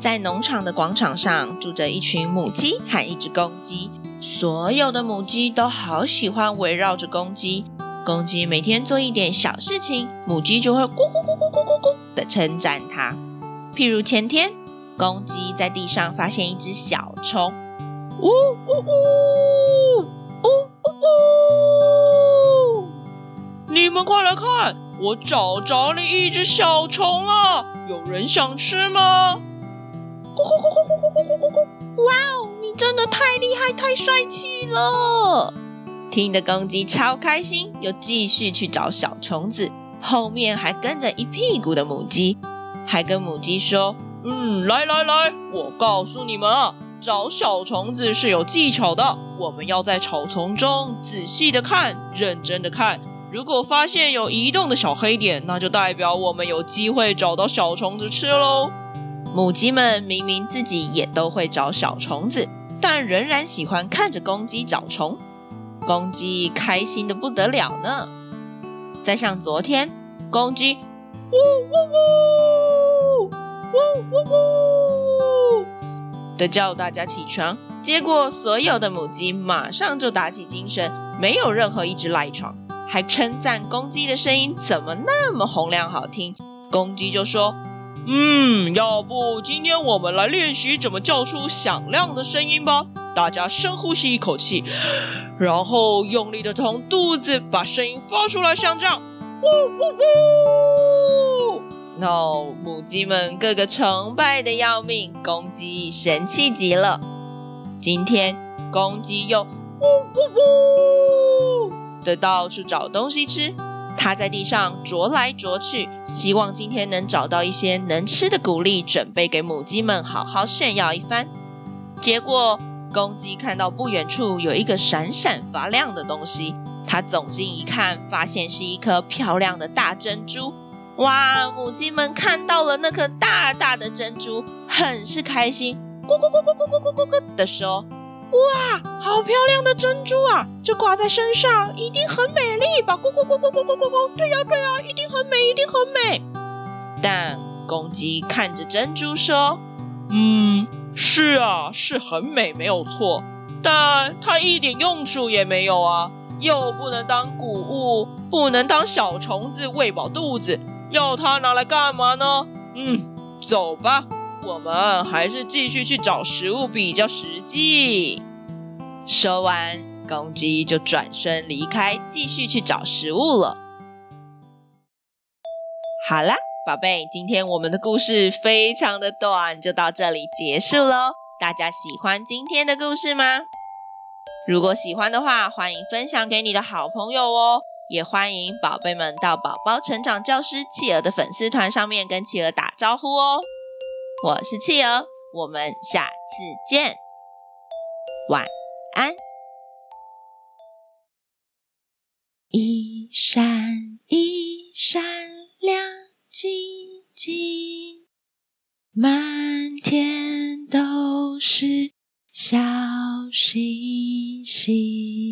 在農場的廣場上，住着一群母雞和一隻公雞。所有的母雞都好喜歡圍繞着公雞。公雞每天做一點小事情，母雞就會咕咕咕咕咕咕咕咕的稱讚它。譬如前天，公雞在地上發現一隻小蟲，嗚嗚嗚，嗚嗚嗚！你們快來看，我找着了一隻小蟲啊！有人想吃嗎？哇哦，你真的太厲害、太帥氣了！聽得公雞超開心，又繼續去找小蟲子，後面還跟着一屁股的母雞，還跟母雞說：“嗯，來來來，我告訴你們啊，找小蟲子是有技巧的，我們要在草叢中仔細的看、認真的看，如果發現有移動的小黑點，那就代表我們有機會找到小蟲子吃嘍。”母雞們明明自己也都會找小蟲子，但仍然喜歡看着公雞找蟲。公雞開心得不得了呢。再像昨天，公雞，喔喔喔喔，喔喔的叫大家起床，結果所有的母雞馬上就打起精神，沒有任何一隻賴床，還稱讚公雞的聲音怎麼那麼洪亮好聽。公雞就說。嗯，要不今天我們來練習怎麼叫出響亮的聲音吧。大家深呼吸一口氣，然後用力地從肚子把聲音發出來，像這樣，嗚嗚嗚。那，、哦、母雞們個個崇拜得要命，公雞神氣極了。今天公雞又嗚嗚嗚的到處找東西吃。他在地上啄來啄去，希望今天能找到一些能吃的穀粒，準備給母雞們好好炫耀一番。結果，公雞看到不遠處有一個閃閃發亮的東西，他走近一看，發現是一顆漂亮的大珍珠。哇！母雞們看到了那顆大大的珍珠，很是開心，咕咕咕咕咕咕咕咕咕的說。哇，好漂亮的珍珠啊！這掛在身上一定很美麗吧？咕咕咕咕咕咕咕咕！對呀對呀，一定很美，一定很美。但公雞看着珍珠說：“嗯，是啊，是很美，沒有錯。但它一點用處也沒有啊，又不能當穀物，不能當小蟲子餵飽肚子，要它拿來幹嘛呢？”嗯，走吧。我們還是繼續去找食物比較實際。說完，公雞就轉身離開，繼續去找食物了。好啦，寶貝，今天我們的故事非常的短，就到這裡結束嘍。大家喜歡今天的故事嗎？如果喜歡的話，歡迎分享給你的好朋友哦。也歡迎寶貝們到寶寶成長教師企鵝的粉絲團上面跟企鵝打招呼哦。我是企鵝，我們下次見，晚安。一閃一閃亮晶晶，滿天都是小星星。